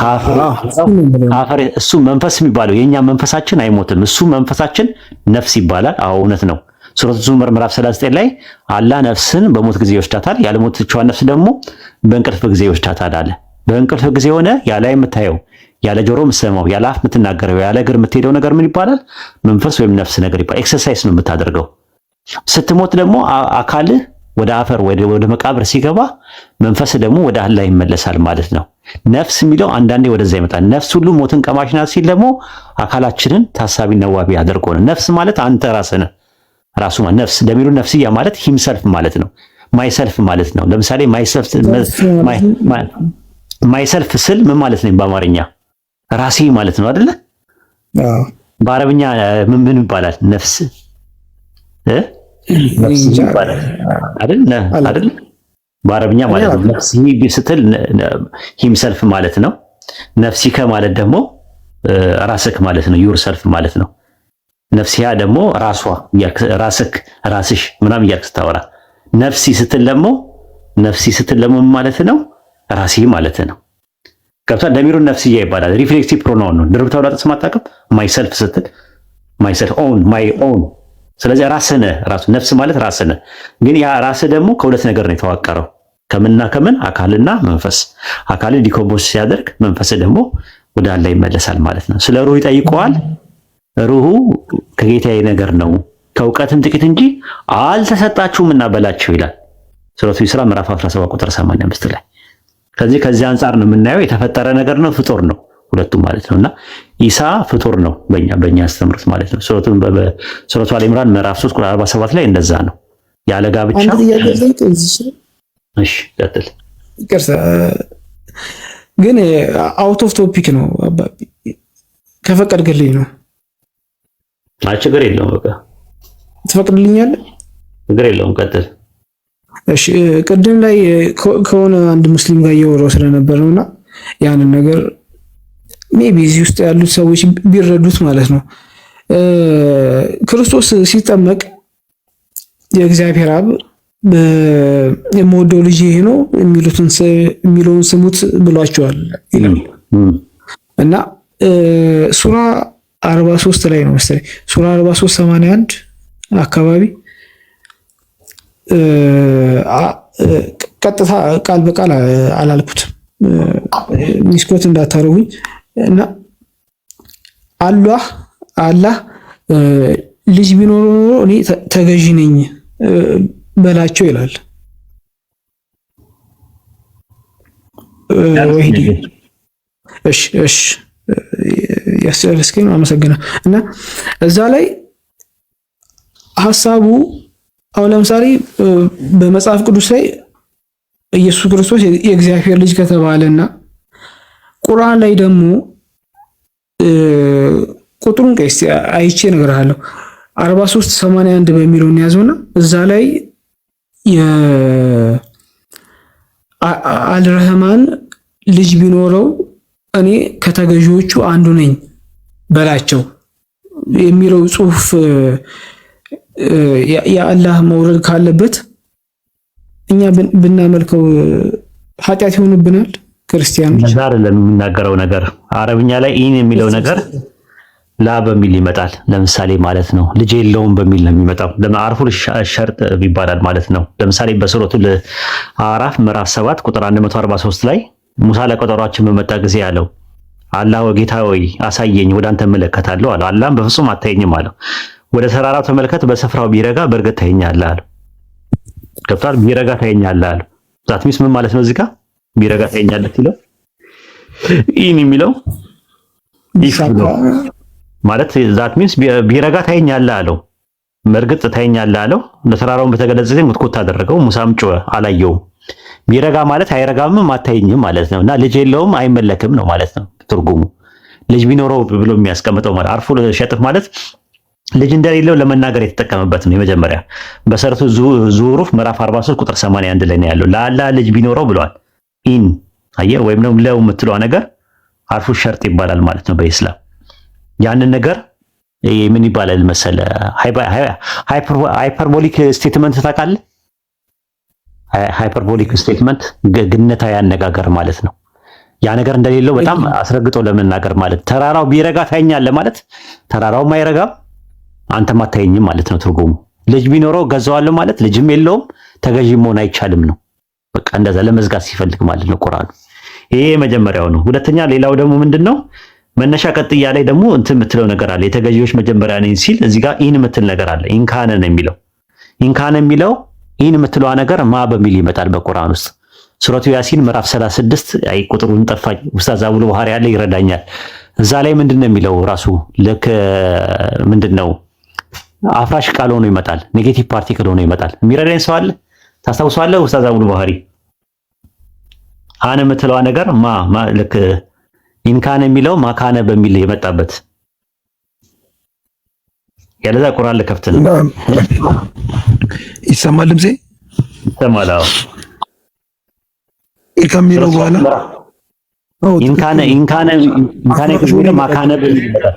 ከአፈር እሱ መንፈስ የሚባለው የእኛ መንፈሳችን አይሞትም። እሱ መንፈሳችን ነፍስ ይባላል። አዎ እውነት ነው። ሱረት ዙመር ምዕራፍ 39 ላይ አላህ ነፍስን በሞት ጊዜ ይወስዳታል፣ ያልሞተችዋን ነፍስ ደግሞ በእንቅልፍ ጊዜ ይወስዳታል አለ። በእንቅልፍ ጊዜ ሆነ ያለ አይን የምታየው ያለ ጆሮ የምትሰማው ያለ አፍ የምትናገረው ያለ እግር የምትሄደው ነገር ምን ይባላል? መንፈስ ወይም ነፍስ ነገር ይባላል። ኤክሰርሳይስ ነው የምታደርገው። ስትሞት ደግሞ አካልህ ወደ አፈር ወደ መቃብር ሲገባ መንፈስ ደግሞ ወደ አላህ ይመለሳል ማለት ነው። ነፍስ የሚለው አንዳንዴ ወደዛ ይመጣል። ነፍስ ሁሉ ሞትን ቀማሽ ናት ሲል ደግሞ አካላችንን ታሳቢ ነዋቢ አድርጎ ነው። ነፍስ ማለት አንተ ራስህ ነህ። ራሱ ነፍስ ለሚሉ ነፍስያ ማለት ሂምሰልፍ ማለት ነው። ማይሰልፍ ማለት ነው። ለምሳሌ ማይሰልፍ ስል ምን ማለት ነው? በአማርኛ ራሴ ማለት ነው አይደለ? በአረብኛ ምን ይባላል? ነፍስ በአረብኛ ማለት ነው። ነፍሲ ስትል ሂምሰልፍ ማለት ነው። ነፍሲከ ማለት ደግሞ ራስክ ማለት ነው። ዩርሰልፍ ማለት ነው። ነፍሲያ ደግሞ ራሷ፣ ራስክ፣ ራስሽ ምናም እያልክ ስታወራ ነፍሲ ስትል ደግሞ ነፍሲ ስትል ደግሞ ማለት ነው ራሴ ማለት ነው። ገብቷል። ለሚሩን ነፍስያ ይባላል። ሪፍሌክሲቭ ፕሮናውን ነው። ድርብ ላጥስ ማታቀም ማይሰልፍ ስትል ማይሰልፍ ኦውን ማይ ኦውን ስለዚህ ራስህ ራሱ ነፍስ ማለት ራስ ነ ግን ያ ራስ ደግሞ ከሁለት ነገር ነው የተዋቀረው ከምንና ከምን አካልና መንፈስ። አካልን ዲኮምፖስ ሲያደርግ መንፈስ ደግሞ ወደ አላ ይመለሳል ማለት ነው። ስለ ሩህ ይጠይቀዋል። ሩሁ ከጌታዬ ነገር ነው ከእውቀትም ጥቂት እንጂ አልተሰጣችሁም እና በላችሁ ይላል ሱረቱ ይስራ ምዕራፍ 17 ቁጥር 85 ላይ። ከዚህ ከዚህ አንጻር ነው የምናየው የተፈጠረ ነገር ነው ፍጡር ነው። ሁለቱም ማለት ነው። እና ኢሳ ፍጡር ነው በእኛ በእኛ አስተምሮት ማለት ነው። ሱረቱን በሱረቱ አለ ኢምራን ምዕራፍ 3 ቁጥር 47 ላይ እንደዛ ነው ያለ ጋብቻ። እሺ ቀጥል። ግን አውት ኦፍ ቶፒክ ነው አባቢ ከፈቀድክልኝ ነው። አይ ችግር የለውም በቃ ትፈቅድልኛለህ? ችግር የለውም ቀጥል። እሺ ቅድም ላይ ከሆነ አንድ ሙስሊም ጋር እያወራሁ ስለነበር ነውና ያንን ነገር ሜቢ እዚህ ውስጥ ያሉት ሰዎች ቢረዱት ማለት ነው። ክርስቶስ ሲጠመቅ የእግዚአብሔር አብ የምወደው ልጅ ይሄ ነው የሚለውን ስሙት ብሏቸዋል ይላል እና ሱራ 43 ላይ ነው መሰለኝ ሱራ 43 81 አካባቢ ቀጥታ ቃል በቃል አላልኩትም። ሚስኮት እንዳታረጉኝ እና አሏህ አላህ ልጅ ቢኖር ኖሮ እኔ ተገዢ ነኝ በላቸው ይላል። ወሂድ እሺ፣ እሺ ያስጨርስከኝ አመሰግና እና እዛ ላይ ሀሳቡ አሁን ለምሳሌ በመጽሐፍ ቅዱስ ላይ ኢየሱስ ክርስቶስ የእግዚአብሔር ልጅ ከተባለና ቁርአን ላይ ደግሞ ቁጥሩን ቀስ አይቼ እነግርሃለሁ። 43 81 በሚለው እንያዘውና እዛ ላይ የአልረህማን ልጅ ቢኖረው እኔ ከተገዢዎቹ አንዱ ነኝ በላቸው የሚለው ጽሁፍ የአላህ መውረድ ካለበት እኛ ብናመልከው ኃጢአት ይሆንብናል። ክርስቲያኖች አይደለም የምናገረው ነገር አረብኛ ላይ ኢን የሚለው ነገር ላ በሚል ይመጣል። ለምሳሌ ማለት ነው ልጅ የለውም በሚል ነው የሚመጣው። ለማዕርፉ ሸርጥ ይባላል ማለት ነው። ለምሳሌ በሱረቱል አዕራፍ ምዕራፍ 7 ቁጥር 143 ላይ ሙሳ ለቀጠሯችን በመጣ ጊዜ አለው አላህ ወጌታ ወይ አሳየኝ፣ ወደ አንተ እመለከታለሁ አለው። አላህም በፍጹም አታየኝም አለው። ወደ ተራራ ተመልከት፣ በስፍራው ቢረጋ በእርግጥ ታየኛለህ አለው። ገብቷል። ቢረጋ ታየኛለህ አለው። ዛትሚስ ምን ማለት ነው እዚህ ጋር ቢረጋ ታኛለት ይለው ኢን የሚለው ማለት ዛት ሚንስ ቢረጋ ታኛለ አለው። መርግጥ ታኛለ አለው። ለተራራውን በተገለጸ ጊዜ ጉትጎት አደረገው። ሙሳም ጮኸ፣ አላየውም። ቢረጋ ማለት አይረጋምም አታይኝም ማለት ነው እና ልጅ የለውም አይመለክም ነው ማለት ነው ትርጉሙ። ልጅ ቢኖረው ብሎ የሚያስቀምጠው ማለት አርፎ ሸጥፍ ማለት ልጅ እንደሌለው ለመናገር የተጠቀመበት ነው። የመጀመሪያ በሰረቱ ዙሩፍ ምዕራፍ 43 ቁጥር 81 ላይ ነው ያለው። ለአላህ ልጅ ቢኖረው ብሏል። ኢን አየ ወይም ደግሞ ለው የምትለዋ ነገር አርፉ ሸርጥ ይባላል ማለት ነው በኢስላም ያንን ነገር ምን ይባላል መሰለ ሃይፐርቦሊክ ስቴትመንት ታውቃለህ ሃይፐርቦሊክ ስቴትመንት ግነታዊ አነጋገር ማለት ነው ያ ነገር እንደሌለው በጣም አስረግጦ ለመናገር ማለት ተራራው ቢረጋ ታይኛለህ ማለት ተራራውም አይረጋም አንተም አታየኝም ማለት ነው ትርጉሙ ልጅ ቢኖረው ገዛዋለሁ ማለት ልጅም የለውም ተገዢ መሆን አይቻልም ነው በቃ እንደዛ ለመዝጋት ሲፈልግ ማለት ነው ቁርአኑ። ይሄ መጀመሪያው ነው። ሁለተኛ ሌላው ደግሞ ምንድን ነው መነሻ ቀጥያ ላይ ደግሞ እንትን የምትለው ነገር አለ። የተገዢዎች መጀመሪያ ነኝ ሲል እዚህ ጋር ኢን የምትል ነገር አለ። ኢንካነ ነው የሚለው ኢንካነ የሚለው ኢን የምትለዋ ነገር ማ በሚል ይመጣል በቁርአን ውስጥ ሱረቱ ያሲን ምዕራፍ 36 አይ ቁጥሩን ጠፋኝ። ኡስታዝ አቡል ባህሪ ያለ ይረዳኛል። እዛ ላይ ምንድን ነው የሚለው ራሱ ልክ ምንድን ነው አፍራሽ ቃል ሆኖ ይመጣል። ኔጌቲቭ ፓርቲክል ሆኖ ይመጣል። የሚረዳኝ ሰው አለ ታስታውሳለህ ኡስታዝ አቡል ባህሪ አነ የምትለዋ ነገር ማ ማ ልክ ኢንካነ የሚለው ማካነ በሚል የመጣበት ያለዛ ቁርአን ልከፍት ነው። ይሰማል ድምጼ ይሰማል። አዎ ከሚለው በኋላ ኢንካነ ኢንካነ ኢንካነ ከሚለው ማካነ በሚል ይመጣል።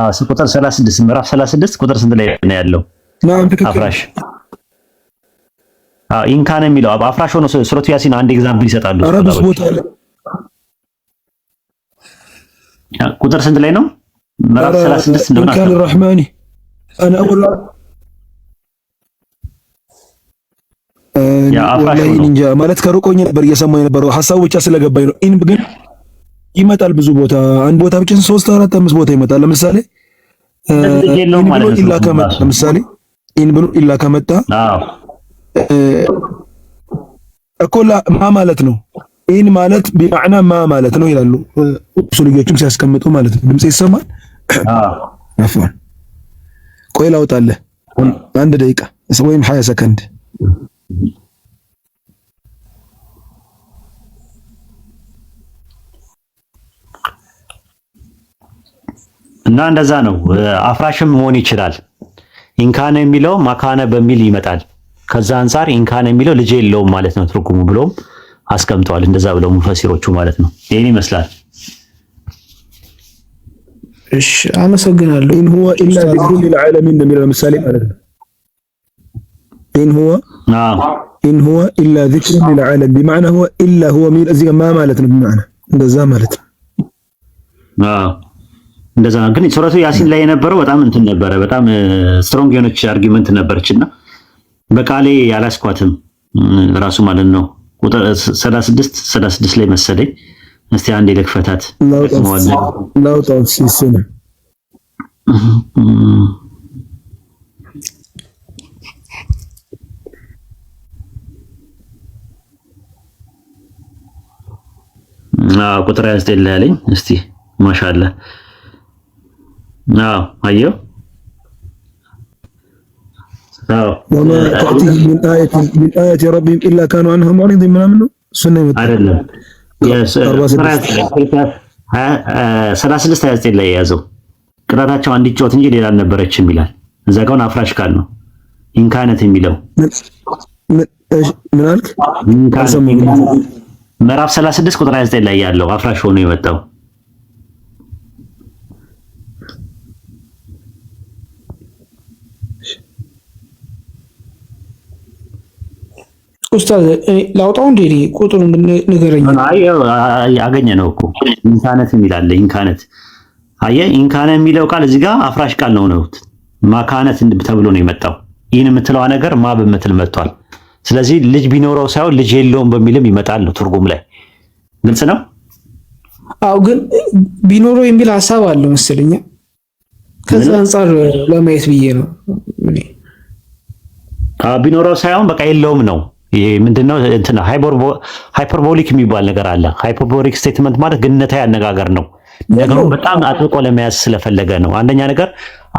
አዎ ቁጥር 36 ምዕራፍ 36 ቁጥር ስንት ላይ ነው ያለው? አፍራሽ ኢንካን የሚለው አፍራሽ ሆኖ ሱረቱ ያሲን አንድ ኤግዛምፕል ይሰጣሉ። ቁጥር ስንት ላይ ነው? ምዕራፍ 36 እንደሆነ ኢንካን ማለት ከሩቆኝ ነበር እየሰማሁ የነበረው ሀሳቡ ብቻ ስለገባኝ ነው። ኢን ግን ይመጣል ብዙ ቦታ አንድ ቦታ ብቻ ሶስት አራት አምስት ቦታ ይመጣል። ለምሳሌ ኢን ብሎ ኢላ ከመጣ እኮ ማ ማለት ነው ኢን ማለት ቢማዕና ማ ማለት ነው ይላሉ ልጆችም ሲያስቀምጡ ማለት ነው። ድምጽ ይሰማል። አፍዋን ቆይ ላውጣለህ አንድ ደቂቃ ወይም ሀያ ሰከንድ እና እንደዛ ነው። አፍራሽም መሆን ይችላል። ኢንካነ የሚለው ማካነ በሚል ይመጣል። ከዛ አንጻር ኢንካን የሚለው ልጅ የለውም ማለት ነው ትርጉሙ ብሎም አስቀምጠዋል። እንደዛ ብለው ሙፈሲሮቹ ማለት ነው። ይህን ይመስላል። እሺ አመሰግናለሁ። ኢን ሁወ ኢላ ዚክሩ ሊልዓለሚን ነው የሚለው ለምሳሌ ማለት ነው። ኢን ሁወ አዎ፣ ኢን ሁወ ኢላ ዚክሩ ሊልዓለሚን ቢማዕና ሁወ ኢላ ሁወ ሚል እዚህ ማ ማለት ነው ቢማዕና እንደዛ ማለት ነው። አዎ እንደዛ ግን ሱረቱ ያሲን ላይ የነበረው በጣም እንትን ነበረ፣ በጣም ስትሮንግ የሆነች አርጊመንት ነበረችና በቃሌ ያላስኳትም ራሱ ማለት ነው። ቁጥር 36 36 ላይ መሰለኝ። እስቲ አንዴ ልክፈታት። ቁጥር ሲስን ቁጥር ያስደላለኝ። እስቲ ማሻአላ አየው ወማ ተዕቲህም ሚን አያቲ ረቢሂም ኢላ ካኑ አንሃ ሙዕሪዲን ምናምን ነው። እሱን አይደለም። ሰላሳ ስድስት ሀያ ዘጠኝ ላይ የያዘው ቅጣታቸው አንዲት ጨዋት እንጂ ሌላ አልነበረችም ይላል። እዛ ጋር አፍራሽ ቃል ነው ኢንካነት የሚለው ምን ምዕራፍ ሰላሳ ስድስት ቁጥር ሀያ ዘጠኝ ላይ ያለው አፍራሽ ሆኖ የመጣው ኡስታዝ ላውጣው እንዴ ቁጥሩ ንገረኝ። ያገኘ ነው እኮ ኢንካነት የሚላለ ኢንካነት አየህ፣ ኢንካነ የሚለው ቃል እዚህ ጋር አፍራሽ ቃል ነው ነው ማካነት ተብሎ ነው የመጣው። ይህን የምትለዋ ነገር ማ በምትል መጥቷል። ስለዚህ ልጅ ቢኖረው ሳይሆን ልጅ የለውም በሚልም ይመጣል ነው ትርጉም ላይ ግልጽ ነው። አው ግን ቢኖረው የሚል ሀሳብ አለ መሰለኝ። ከዛ አንጻር ለማየት ብዬ ነው ቢኖረው ሳይሆን በቃ የለውም ነው ይሄ ምንድነው እንትን ሃይፐርቦሊክ የሚባል ነገር አለ። ሃይፐርቦሊክ ስቴትመንት ማለት ግነታዊ አነጋገር ነው። ነገሩን በጣም አጥብቆ ለመያዝ ስለፈለገ ነው። አንደኛ ነገር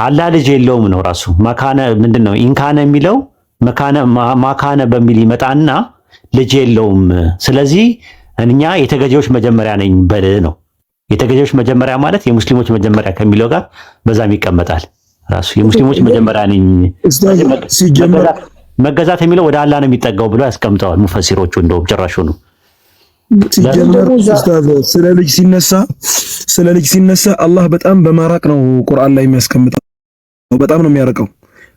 አላ ልጅ የለውም ነው ራሱ። መካነ ምንድነው ኢንካነ የሚለው ማካነ በሚል ይመጣና ልጅ የለውም። ስለዚህ እኛ የተገዢዎች መጀመሪያ ነኝ በል ነው። የተገዢዎች መጀመሪያ ማለት የሙስሊሞች መጀመሪያ ከሚለው ጋር በዛም ይቀመጣል ራሱ የሙስሊሞች መጀመሪያ ነኝ ሲጀመር መገዛት የሚለው ወደ አላህ ነው የሚጠጋው ብሎ ያስቀምጠዋል ሙፈሲሮቹ። እንደውም ጭራሹ ነው ስለ ልጅ ሲነሳ ስለ ልጅ ሲነሳ አላህ በጣም በማራቅ ነው ቁርአን ላይ የሚያስቀምጠው። በጣም ነው የሚያርቀው።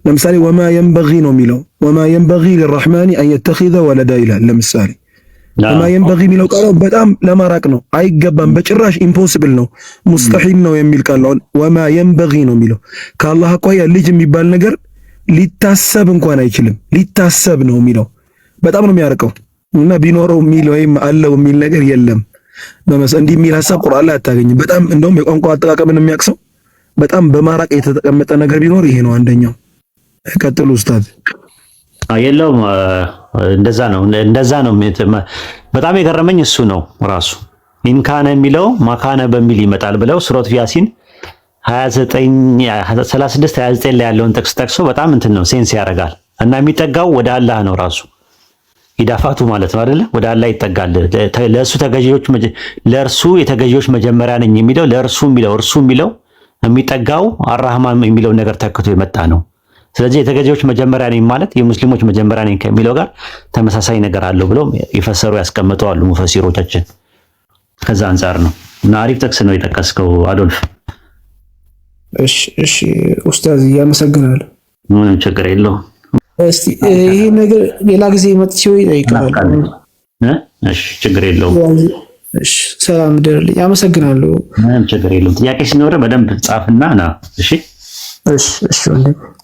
ለምሳሌ ወማ የንበጊ ነው የሚለው ወማ የንበጊ ለራህማኒ አን ወለዳ ይላል። ለምሳሌ ወማ የንበጊ የሚለው ቃል በጣም ለማራቅ ነው፣ አይገባም፣ በጭራሽ ኢምፖስብል ነው፣ ሙስተሒል ነው የሚል ቃል ወማ የንበጊ ነው የሚለው ከአላህ አኳያ ልጅ የሚባል ነገር ሊታሰብ እንኳን አይችልም። ሊታሰብ ነው የሚለው በጣም ነው የሚያርቀው እና ቢኖረው የሚል ወይም አለው የሚል ነገር የለም። እንዲህ የሚል ሀሳብ ቁርአን ላይ አታገኝም። በጣም እንደውም የቋንቋ አጠቃቀምን የሚያቅሰው በጣም በማራቅ የተቀመጠ ነገር ቢኖር ይሄ ነው አንደኛው። ቀጥሉ ኡስታዝ። የለውም እንደዛ ነው እንደዛ ነው። በጣም የገረመኝ እሱ ነው ራሱ ኢንካነ የሚለው ማካነ በሚል ይመጣል ብለው ሱረት ያሲን 36 29 ላይ ያለውን ጥቅስ ጠቅሶ በጣም እንትን ነው ሴንስ ያደርጋል። እና የሚጠጋው ወደ አላህ ነው ራሱ ኢዳፋቱ ማለት ነው አይደለ? ወደ አላህ ይጠጋል። ለእርሱ ተገዢዎች ለእርሱ የተገዢዎች መጀመሪያ ነኝ የሚለው ለእርሱ የሚለው እርሱ የሚለው የሚጠጋው አራህማን የሚለው ነገር ተክቶ የመጣ ነው። ስለዚህ የተገዢዎች መጀመሪያ ነኝ ማለት የሙስሊሞች መጀመሪያ ነኝ ከሚለው ጋር ተመሳሳይ ነገር አለው ብለው የፈሰሩ ያስቀምጠዋሉ ሙፈሲሮቻችን። ከዛ አንጻር ነው እና አሪፍ ጥቅስ ነው የጠቀስከው አዶልፍ። እሺ እሺ ኡስታዝ እያመሰግናል። ምንም ችግር የለውም። እስቲ ይሄ ነገር ሌላ ጊዜ መጥቼ ይጠይቃል። እሺ ችግር የለውም። እሺ ሰላም ደርልኝ። አመሰግናለሁ። ምንም ችግር የለውም። ጥያቄ ሲኖር በደንብ ጻፍና ና። እሺ እሺ እሺ ወንድም